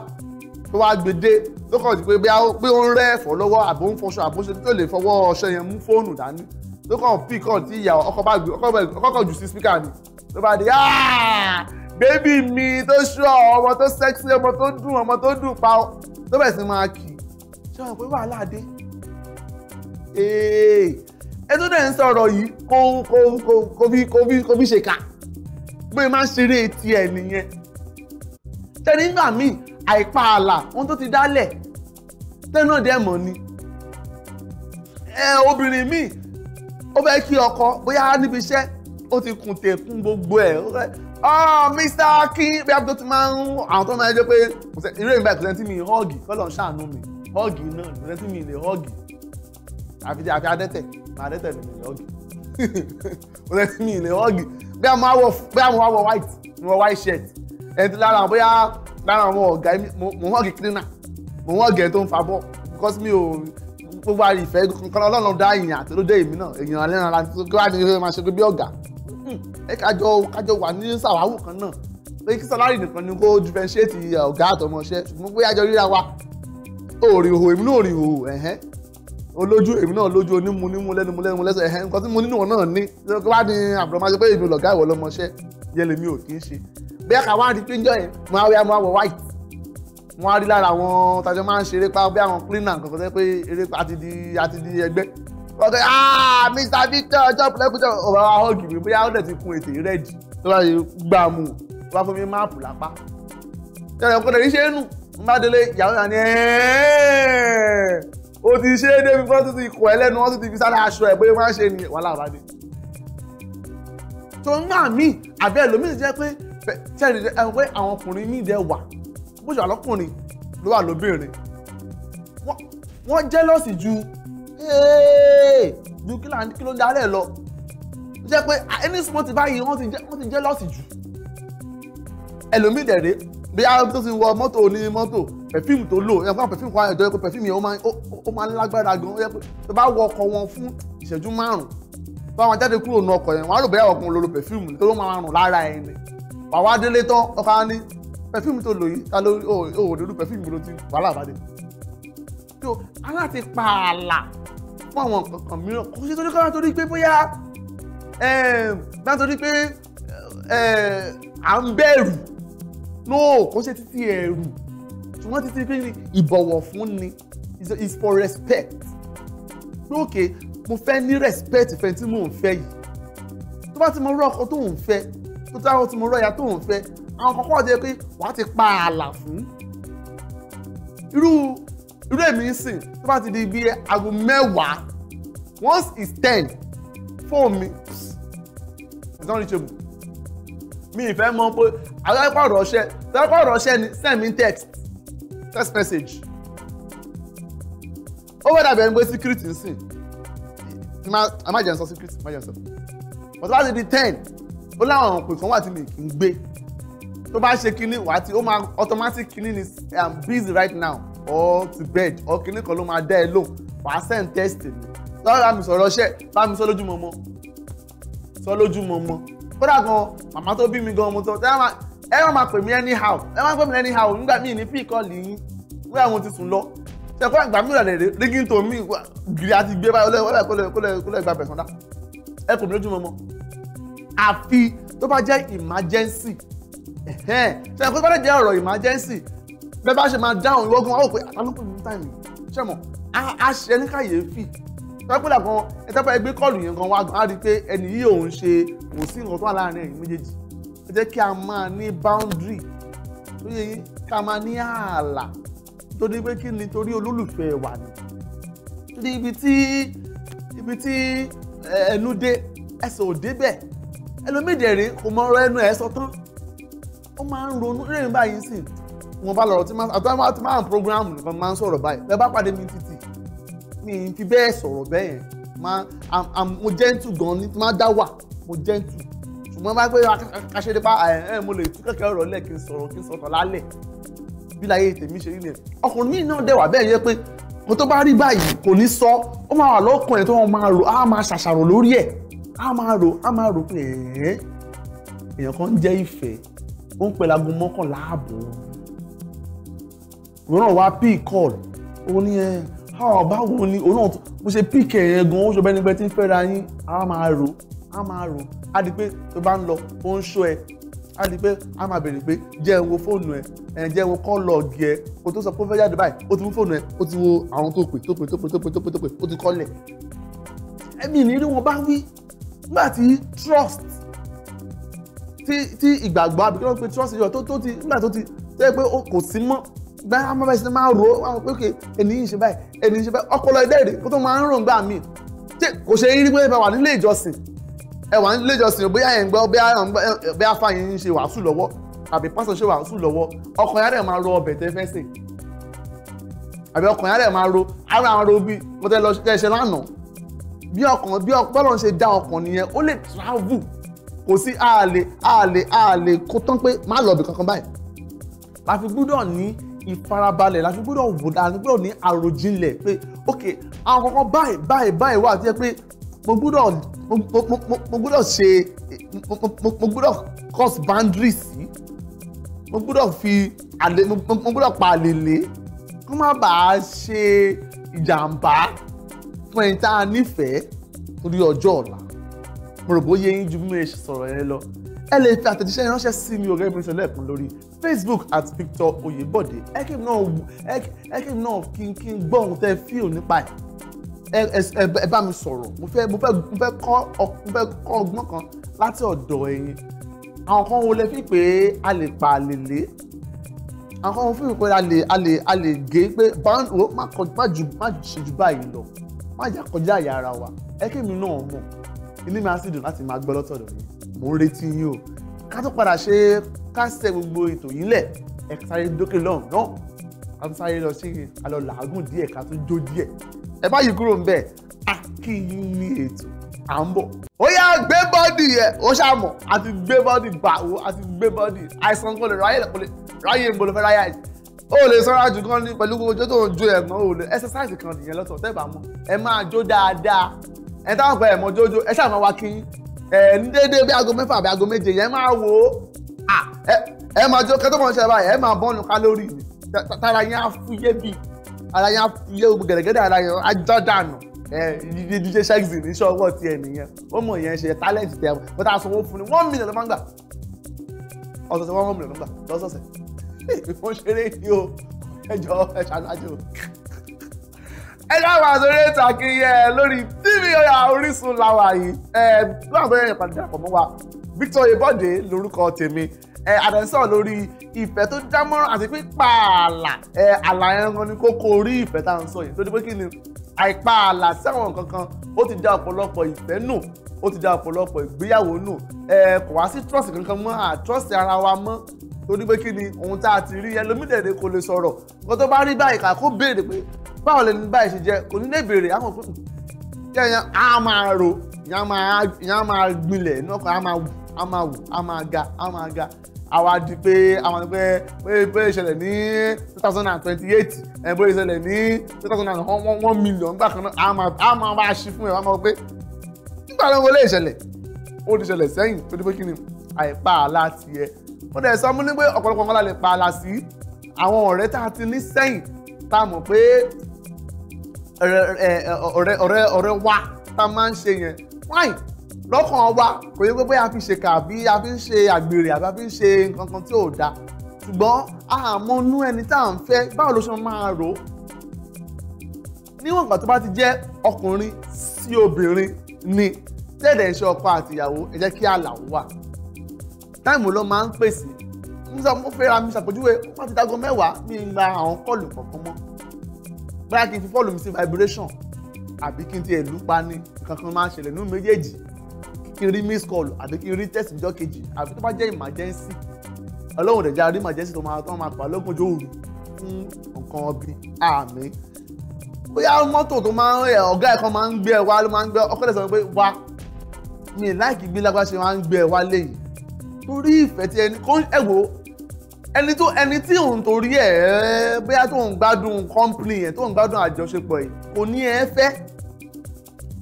tó wá gbèdé tó kàn sí pé bí ó ń rẹ́ ẹ̀fọ́ lọ́wọ́ àbò ń fọṣọ àbò ṣe tó lè fọwọ́ ọṣẹ yẹn mú fóònù dání tó kàn pì kàn tí ìyàwó ọkọ bá gbé ọkọ kàn jù sí spíkà ni tó bá dé ah, bébì mi tó ṣọ ọmọ tó sẹ́ksì ọmọ tó dùn ọmọ tó dùn pa ọ tó bẹ̀ sí máa kì í ṣe ọ̀rọ̀ pé wàhálà dé ẹ tó dẹ̀ ń sọ̀rọ̀ yìí kó kó kó kó fi kó fi kó fi ṣe kà bóyá máa ń ṣeré tiẹ̀ nìyẹn ṣe nígbà míì àìpa ààlà ohun tó ti dálẹ̀ tẹ́nu náà dẹ́ mọ̀ ni ẹ obìnrin míì ó fẹ́ kí ọkọ bóyá níbi iṣẹ́ ó ti kùn tẹ̀kùn gbogbo ẹ̀ ó fẹ́ ọ ah, Mr. Akin bí abúlé tó ti máa ń àwọn tó máa ń jẹ pé irú èmi báyìí kò sẹ́ni tí mi họ́ọ̀gì kọ́lọ̀ ń ṣàánú mi họ́ọ̀gì náà kò sẹ́ni tí mi lè họ́ọ̀gì àfi àfi adẹ́tẹ̀ màá adẹ́tẹ̀ mi lè họ́ọ̀gì kò sẹ́ni tí mi lè họ́ọ̀gì bí a mọ àwọ̀ white mo wọ white shirt ẹni lára àwọn bóyá lára àwọn ọ̀gá mo ń hàn kíkínà mò mo hàn gẹ̀ tó ń fa bọ̀ because mi ò gbogbo àrí ìfẹ́ kan ọlọ́run dá èèyàn àti lóde èmi náà èèyàn alẹ́ ara kí wàá ní ìfẹ́ máa ṣe pé bí ọ̀gá hmm, ẹ kájọ kájọ wà ní sàwáwù kan náà pé kí sálárì nìkan ni kó differentiate ọ̀gá àtọmọṣẹ́ ṣùgbọ́n bóyá jọ ríra wa òòrì ìhò èmi náà òòrì ìhò ẹ̀hẹ́n olójú èmi náà lójú onímúnímú lẹ́numú lẹ́numú lẹ́sẹ̀ ẹ̀hẹ́n nǹkan tí mo nínú wọn náà ní kí wàá ní àbúrò máa ṣe pé èmi lọ̀gá ìwọ lọmọṣẹ́ yẹlẹmi ò kí ń ṣe bẹ́ẹ̀ ká wá rí pé njọ́ yẹn mo á wẹ́ mo á wọ white mo á rí lára àwọn tàjọ máa ń ṣe erépa bí àwọn cleaner kankan sẹ́ pé erépa àti di àti di ẹgbẹ́ wọ́n sọ ah Mr Victor ọjọ́ pẹ̀lẹ́kùtọ̀ ọ̀bà wa hug mi bóyá ó dẹ̀ ti kun ètè rẹ́ẹ̀dì tó bá yẹ gbà mú tó bá fún mi máàpù lápá ẹ̀rọ kọ́tà yìí ṣe é nù mbadele ìyàwó yà ni o ti ṣe é débi wọ́n tún ti kọ̀ ẹ́ lẹ́nu wọ́n tún ti fi sáré aṣọ ẹ̀ bóyá wọ́n á ṣe ni wàhálà bá dé. tó ń gbà mí àbẹ́ ẹlòmíì jẹ́ pé sẹ́ni ẹ ń pé àwọn ọkùnrin ní ìdẹ wà bó ṣe wà lọ́kùnrin ló wà lóbìnrin wọ́n jẹ́lọ́sì ju ju kí ló ń darẹ̀ lọ jẹ́ pé any small ti báyìí wọ́n ti jẹ́lọ́sì jù ẹlòmíì dẹ̀ rèé bí àwọn tó ti wọ mọ́tò ní mọ́tò pẹ̀fíìmù tó lò ẹ̀ fún pẹ̀fíìmù kan ẹ̀jọ́ pé pẹ̀fíìmù yẹn ó máa ń lágbára gan ó yẹ pé tó bá wọ ọkọ̀ wọn fún ìṣẹ́jú márùn-ún bá wọn jáde kúrò nu ọkọ̀ yẹn wọn á rò bẹ́ẹ̀ ọkùnrin lolo pẹ̀fíìmù tó ló máa rùn lára ẹni wàá délé tán ọkọ á ní pẹfíìmù tó lò yìí ta ló ò òdòdó pẹfíìmù ló ti wàhálà bá dé. tó aláti pa ààlà fún àwọn nǹkan mìíràn kò sí torí káwọn torí pé bóyá eh, bá torí pé eh, à ń bẹ̀rù náà kò ṣe títí ẹ̀rù ṣùgbọ́n títí pé ìbọ̀wọ̀ fún ni is for respect pé òkè mo fẹ́ ní respect fẹ́ tí mò ń fẹ́ yìí tó bá ti mọ irú ọkọ tó ń fẹ́ tó táwọn tí mo rọ ìyá tó ń fẹ́ àwọn kọ́kọ́ jẹ́ pé wàá ti pa ààlà fún irú irú èmi sìn tó bá ti di ibi aago mẹ́wàá once is ten fóònù mi it's not reachable mi ì fẹ́ mọ̀ pé àlọ́kọ̀ ọ̀rọ̀ ọ̀ṣẹ́ àlọ́kọ̀ ni send me text text message ó wẹ́n dàbí ẹni pé secret ń sìn ẹ má jẹ́ ń sọ secret ẹ má jẹ́ ń sọ but láti di ten ó láwọn àwọn òpè kan wà tí mi kì í gbé tó bá ṣe kinní wá tí ó máa automatic kinní ni i am busy right now or to bed or kinní kan ló máa dá ẹ lóhùn wàá send text mi lọ́ra mi sọ̀rọ̀ ṣẹ́ bá mi sọ lójúmọmọ sọ lójúmọmọ kódà gan màmá tó bí mi gan mo tọ́ ẹ wọ́n máa pè mí anyhow ẹ wọ́n máa pè mí anyhow nígbà míì ní píìkọ́ lìyín wíwá àwọn ti sùn lọ ṣe kó àgbà mìíràn rẹ̀ rígìntò mi gírí àti gbé báyọ̀ lẹ́wọ́ kó lè gbà bẹ̀sán dá ẹ kò mí lójúmọmọ àfi tó bá jẹ́ emergency ṣe kó bá dẹ̀ jẹ́ ọ̀rọ̀ emergency bẹ́ẹ̀ bá ṣe máa dáhùn lọ́gùn àwọn òpè àtàlùkù ní táìmù ṣe mọ̀ á ṣe ní kàyéfì tọ́pẹ́lá gan ẹ tọ́pẹ́ ẹgbẹ́ kọ́ọ̀lù yẹn gan wá gan á rí i pé ẹni yìí òun ṣe kò sí nǹkan tó wà láàrin ẹ̀yìn méjèèjì ẹ jẹ́ kí a máa ní boundary tó yẹ yín ká máa ní ààlà tó ní pé kí ni torí olólùfẹ́ wà ní. ibi tí ibi tí ẹnu dé ẹsẹ̀ ò débẹ̀ ẹlòmíì dẹ̀ rí kò mọ ọ̀rọ̀ ẹnu ẹ̀ sọ tán ó máa ń ronú rẹ́rìn báyìí sí wọn bá lọ́rọ̀ tí máa àtàwọn àti máa ń programu nìkan máa ń sọ̀rọ̀ báyìí bẹ́ẹ̀ bá pàdé mi títì mi ń fi bẹ́ẹ̀ sọ̀rọ̀ bẹ́ẹ̀ yẹn máa mo gentle gan ni máa dá wà mo gentle ṣùgbọ́n bá pé aṣèlépa ẹ̀ mo lè tú kẹ̀kẹ́ ọ̀rọ̀ lẹ̀ kí n sọ̀rọ̀ kí n sọ̀tọ̀ lálẹ̀ bí láyé tèmi ṣe rí nìyẹn ọkùnrin mi náà dẹ̀ wà bẹ́ẹ̀ yẹ pé kó tó bá rí báyìí kò ní sọ ó máa wà lọ́kàn ẹ̀ tó máa rò á máa ṣàṣàrò lórí ẹ̀ a máa rò a máa rò pé ẹ̀ẹ́ èèyàn kan ń jẹ́ ìfẹ́ ó ń pẹ́ lago mọ́kànlá ààbò òun wá pí call ó ní ẹ ọ báwo ni òun náà mo ṣe pí kẹ̀yẹ gan ó ṣọbẹ́ nígbẹ́ tí ń fẹ́ra yín á máa rò á máa rò á di pé tó bá ń lọ ó ń ṣó ẹ á di pé á máa bèrè pé jẹ́ ẹ wo fóònù ẹ ẹ jẹ́ ẹ wo kọ́ọ̀lù ọ̀gì ẹ kó tó sọ pé ó fẹ́ jáde báyìí ó ti mú fóònù ẹ ó ti wo àwọn tó pè tó pè tó pè tó pè tó pè ó ti kọ́lẹ̀ ẹ̀mí ìnírí wọn bá wí nígbà tí trust tí tí ìgbàgbọ́ àbí kí wọ́n pe trust yọ tó tó ti nígbà tó ti tẹ́ pé kò sí mọ́ báyà máa bẹ̀rẹ̀ sí máa ro àwọn pé òkè ènìyàn ṣe báyìí ènìyàn ṣe báyìí ọpọlọ ẹ̀dá èrè kó tó máa ń rò ńgbà míì tí kò ṣe rí pé ẹ wà nílé ìjọsìn ẹ wà nílé ìjọsìn ò bóyá ẹ̀ ń gbọ́ bóyá fàyín ń ṣe wàásù lọ́wọ́ àbí pásọ̀ ṣe wàásù lọ́wọ́ ọkàn yàrá ẹ̀ máa ro ọbẹ̀ tẹ́ fẹ́ sè àbí ọkàn yàrá ẹ̀ máa ro ara àwọn ro bíi mo tẹ́ lọ ṣe lánàá bí ọkàn bí ọlọ́run ṣe dá ọkàn nìyẹn ó lè travel kò sí àlè àlè àlè kó tán pé má lọ bí kankan báyìí la fi gbúdọ̀ ní ìfarabalẹ̀ la fi gbúdọ̀ wò dáa la fi gbúdọ̀ ní àròjinlẹ̀ pé ok àwọn kankan báyìí báyìí báyìí wà tí ẹ pé mo gbúdọ̀ mo gbúdọ̀ ṣe mo gbúdọ̀ cross boundaries sí mo gbúdọ̀ fi àlè mo gbúdọ̀ pa àlè lé kó má bàa ṣe ìjàmbá fún ẹni tá a nífẹ̀ẹ́ torí ọjọ́ ọ̀la mo rò bóyá yín ju bí mo ṣe sọ̀rọ̀ yẹn lọ ẹ lè fi àtẹ̀jíṣẹ́ ránṣẹ́ sí mi ọ̀rẹ́ mi lẹ́ẹ̀kan lórí facebook at victor oyèbọ̀dé ẹ kí n náà ẹ kí n náà kí n kí n gbọ́ ohun tẹ́ fíìl nípa ẹ̀ ẹ bá mi sọ̀rọ̀ mo fẹ́ mo fẹ́ mo fẹ́ kọ́ mo fẹ́ kọ́ ọgbọ́n kan láti ọ̀dọ̀ ẹ̀yin àwọn kan wo lẹ fi pé a lè pa àlè lé àwọn kan wo fi pé a lè a lè a lè gé pé báwọn ò má ju má ju ṣe ju báyìí lọ má yà kọjá àyà ara wa ẹ kí mi náà mọ̀ inú mi á sì dùn láti máa gbọ́ lọ́tọ̀dọ̀ mi mò ń retí yín o ká tó padà ṣe ká ṣe gbogbo ètò yìí lẹ̀ ẹ sáré dókè lọ́hùn náà ká tó sáré lọ sí alọ́ làágùn díẹ̀ ká tó jó díẹ̀ ẹ bá yìí kúrò ń bẹ̀ á kí yín ní ètò à ń bọ̀ ó yá gbé bọ́ọ̀dì yẹ ó ṣàmọ̀ àti gbé bọ́ọ̀dì gbà ó àti gbé bọ́ọ̀dì àìsàn kò ráyè kò ráyè ń bolo fẹ́ ráyè àìsàn o lè sọ́ra jù kan ní pẹ̀lú gbogbo ojó tó ń ju ẹ̀gbọ́n o lè exercise kan nìyẹn lọ́sọ̀ tẹ́ bá mọ̀ ẹ máa jó dáadáa ẹ táwọn pẹ̀ ẹ̀mọ́ jójó ẹ ṣáà máa wá kí ẹ ní déédéé bí aago mẹ́fà bí aago méje yẹn máa wò ó ẹ máa jó kẹ́tọ́ kan ṣe báyìí ẹ máa bọ́ọ̀nù kálórì tara yẹn á fúyé bì ara yẹn á fúyé gẹ̀rẹ́gẹ̀rẹ́ ara yẹn á jọ́ dànù ẹ DJ Shexy ní ṣọwọ́ tiẹ̀ nìyẹn ó mọ̀ one million ló máa ń gbà one million ló ń gbà lọ́sọ̀ọ̀sẹ̀ èmi mo ṣeré ni o ẹjọ ẹ ẹ dábàá sórí ètò àkíyẹ lórí tv ọyà Orísun làwà yìí ẹ láàbọ̀ yẹn padà pọ̀ mọ́ wa Victor Ebode lórúkọ tèmi ẹ àdẹ́sọ̀ lórí ìfẹ́ tó dámọ́ràn àti pípa ẹ ààlà ẹran ni kókó orí ìfẹ́ tá à ń sọ yìí tó dé pé kí ni àìpa sí àwọn nǹkan kan ó ti dá ọ̀pọ̀lọpọ̀ ìfẹ́ nù ó ti dá ọ̀pọ̀lọpọ̀ ìgbéyàwó nù ẹ kò wá sí trust kankan mọ́ à trust ara wa mọ́ torí pé kí ni ohun tá a ti rí ẹlòmídẹ̀ẹ́dẹ́ kò lè sọ̀rọ̀ nǹkan tó bá rí báyìí kà kó béèrè pé báwo lè ní báyìí ṣe jẹ kò ní lè béèrè àwọn fún kí ẹ̀yàn á máa ro ìyá máa gbilẹ̀ inú ọkàn á máa wù á máa wù á máa ga á máa ga àwa di pé àwọn ẹni pé pé ìṣẹ̀lẹ̀ ní two thousand and twenty eight ẹ̀ bó ìṣẹ̀lẹ̀ ní two thousand and one million gbà kan náà á máa bá a ṣí fún ẹ̀ wá máa pé nígbà ló ń ìṣẹ̀lẹ̀ ó ti ṣẹlẹ̀ sẹ́yìn tó dé pé kí ni àìpá tiẹ̀ ó dẹ̀ sọ mú ní pé ọ̀pọ̀lọpọ̀ wọn la lè pa àlà sí àwọn ọ̀rẹ́ tá a ti ní sẹ́yìn tá a mọ̀ pé ọ̀rẹ́ ọ̀rẹ́ wa tá a máa ń ṣe yẹn wáyì lọ́kàn wa kò yẹ pé a fi ṣe kà a fi ń ṣe àgbèrè àbí a fi ń ṣe nǹkan kan tí ò dáa ṣùgbọ́n àmọ́nú ẹni tá à ń fẹ́ báwo ló ṣe máa rò ó níwọ̀n ìgbà tó bá ti jẹ́ ọkùnrin sí obìnrin ni tẹ́ẹ̀dẹ̀ ń ṣe ọkọ àtìyàwó ẹ jẹ́ kí ààlà wà táìmù ló máa ń pèsè nígbà mo fẹ́ra mi ṣàpèjúwe wọ́n ti dágọ́ mẹ́wàá mi ń gba àwọn kọ́ọ̀lù kọ̀ọ̀kan mọ́ bóyá kí n fi fọ́ọ̀lù mi sí vibration àbí kí n ti èlú pa ni kankan máa ṣẹlẹ̀ nínú méjèèjì kí n rí miss call àbí kí n rí text níjọ́ kejì àbí tó bá jẹ́ emergency ọlọ́run rẹ̀ rí emergency tó máa tó máa pa lọ́gànjọ́ òru fún nǹkan ọbí àmì bóyá mọ́tò tó máa ń ọ̀gá ẹ̀kọ́ máa ń gbé ẹ wá ló máa ń gbé ọkọ̀ lẹ́sọ̀ pé wá mi láìkí bí lágbáṣe máa ń gbé ẹ wá léyìí torí ìfẹ́ tí ẹni kan ẹ̀ wò ẹni tó ẹni tí òun torí ẹ̀ ẹ́ bóyá tó ń gbádùn company yẹn tó ń gbádùn àjọṣepọ̀ yìí kò ní ẹ fẹ́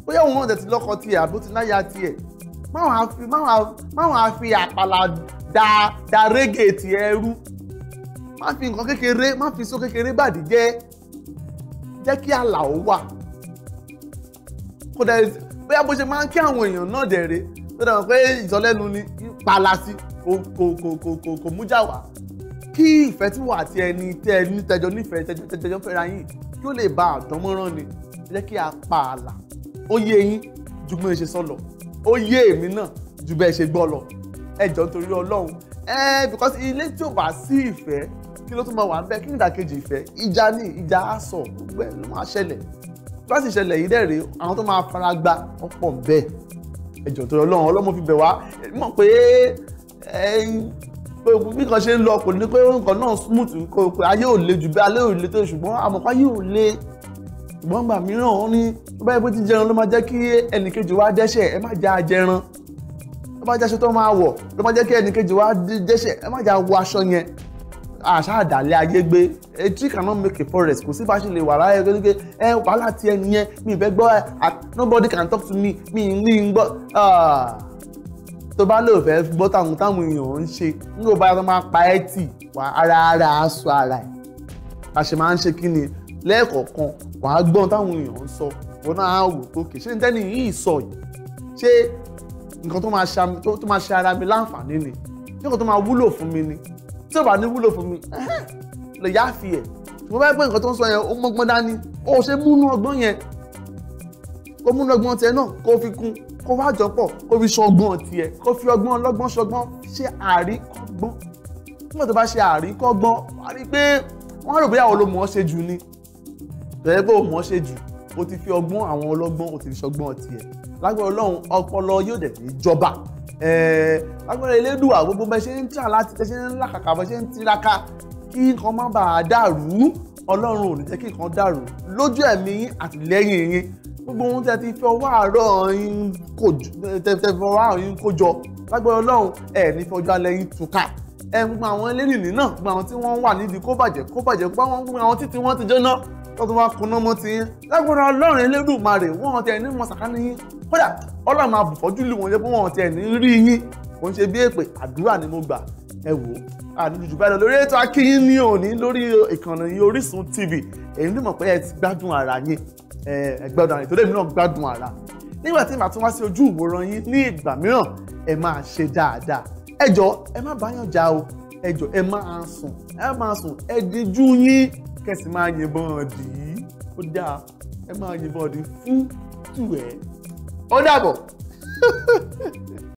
bóyá òun náà tẹ̀sí lọ́kọ tiẹ̀ àbó ti náyà tiẹ̀ máwọn àfi àpàlà da régè tiẹ̀ rú má fi nǹkan kékeré má fi só kékeré bàdí jẹ́ jẹ́ kí àlà ó wà kódà bóyá bó ṣe máa ń kí àwọn èèyàn náà dẹ̀ rèé tó dàgbà pé ìsọlẹ́nu ni pààlà sí kò kò kò kò kò mújà wá kí ìfẹ́ tí wà àti ẹni tẹ́ ẹni tẹjọ nífẹ̀ẹ́ tẹjọ tẹjọ fẹ́ra yín kí ó lè ba àdánmọ́rán ni jẹ́ kí a pààlà ó yé yín ju bí wọ́n ṣe sọ lọ ó yé èmi náà ju bẹ́ẹ̀ ṣe gbọ́ lọ ẹ jọ̀ọ́ nítorí Ọlọ́run ẹ because ilé tí ò bá sí ìfẹ́ kí ló tún máa wà ń bẹ kí ni ìdàkejì ìfẹ́ ìjà ní ìjà àsọ̀ gbogbo ẹ̀ ló máa ṣẹlẹ̀ bá sì ṣẹlẹ̀ yìí dẹ̀ àwọn tó máa fara gba ọ̀pọ̀ bẹ́ẹ̀ ẹjọ́ tó yọ lọ́wọ́ fi bẹ̀ wá mọ̀ pé bí kan ṣe ń lọ kò ní pé nǹkan náà smooth kò pé ayé ò le jù bẹ́ẹ̀ ayé ò le tó ṣùgbọ́n àmọ́pá yìí ò le ṣùgbọ́n gbà mìíràn ó ní tó báyìí bó ti jẹran ló máa jẹ́ kí ẹnìkejì wa dẹ́ṣẹ̀ ẹ má jẹ́ ajẹran ló máa jẹ́ aṣọ tó máa wọ̀ ló máa jẹ́ kí ẹnìkejì wa dẹ́ṣẹ̀ ẹ má jẹ́ awọ aṣọ yẹn àṣàdàlẹ́ ayé gbé a tree cannot make a forest kò sí bá ṣe lè wà láyé gbé gbé ẹ wàhálà ti ẹni yẹn mi ìfẹ́ gbọ́ ẹ nobody can talk to me mi ì ní í gbọ́ ah. tó bá lè fẹ́ gbọ́ táwọn táwọn èèyàn ń ṣe ń lò bá máa pa ẹ́ tì wà ara ara aṣọ ara ẹ̀ a ṣe máa ń ṣe kí ni lẹ́ẹ̀kọ̀ọ̀kan wàá gbọ́n táwọn èèyàn ń sọ wọn náà wò ó kè ṣé nítẹ́ni yìí sọ yìí ṣé nǹkan tó máa ṣe ara mi láǹfààní ni nǹkan tó máa wúlò fún mi ni tí ò bá ní wúlò fún mi lè yá fi ẹ̀ mo bá gbọ́ nǹkan tó ń sọ yẹn ó mọ́gbọ́n dání ó ṣe múnú ọgbọ́n yẹn ó múnú ọgbọ́n tiẹ̀ náà kó fi kún kó wá jọ pọ̀ kó fi ṣọgbọ́n tiẹ̀ kó fi ọgbọ́n ọlọ́gbọ́n ṣọgbọ́n ṣe àríkọ́gbọ́n nígbà tó bá ṣe àríkọ́gbọ́n wà á rí pé wọ́n rò bóyá olómọ̀ ọ́ ṣe jù ni tẹ̀lé pé òmọ̀ ṣe jù o ti fi ọgbọ́n àwọn ọlọ́gbọ́n o ti fi ṣọgbọ́n tiẹ̀ lágbára Ọlọ́run ọpọlọ yóò dẹ̀ fi jọba Eh, agbára elédùà gbogbo bẹ ṣe ń tíra láti bẹ ṣe ń làkàkà bẹ ṣe ń tiraka kí nǹkan má bàa dàrú ọlọ́run ò ní jẹ́ kí nǹkan dàrú lójú ẹ̀mí yín àtìlẹ́yìn yín gbogbo ohun tẹ́ ti fi ọwọ́ àárọ̀ yín kò tẹ́ fi ọwọ́ àárọ̀ yín kó jọ lágbára ọlọ́run ẹ̀ ní fi ọjọ́ alẹ́ yín túká ẹ gbogbo àwọn eléyìí náà gbogbo àwọn tí wọ́n wà nídìí kó bàjẹ́ kó bàjẹ́ gbogbo àwọn títí wọ́n ti jóná tó tó wá kuná mọ́ ti yín lágbára ọlọ́run Elédùmarè wọ́n ti ẹni mọ́ sàkánì yín kódà ọlọ́run máa bù fọ́jú lù wọ́n yẹ pé wọ́n ti ẹ̀ ní rí yín kò ń ṣe bí èpè àdúrà ni mo gbà ẹ wò ó àníbi jù báyìí lọ lórí ètò akíyín ní òní lórí ìkànnì Orísun TV èyí ló mọ̀ pé ẹ ti gbádùn ara yín ẹ ara ètò náà gbádùn ara nígbà tí màá tún wá sí ojú ìwòran yín ní ìgbà mìíràn ẹ máa ṣe dáadáa ẹ jọ ẹ má báyàn já o ẹ jọ ẹ máa sùn ẹ máa sùn ẹ díjú yín kẹsì máa yìnbọn dì í ó dáa ẹ máa yìnbọn dì í fún tù ó dàbọ̀.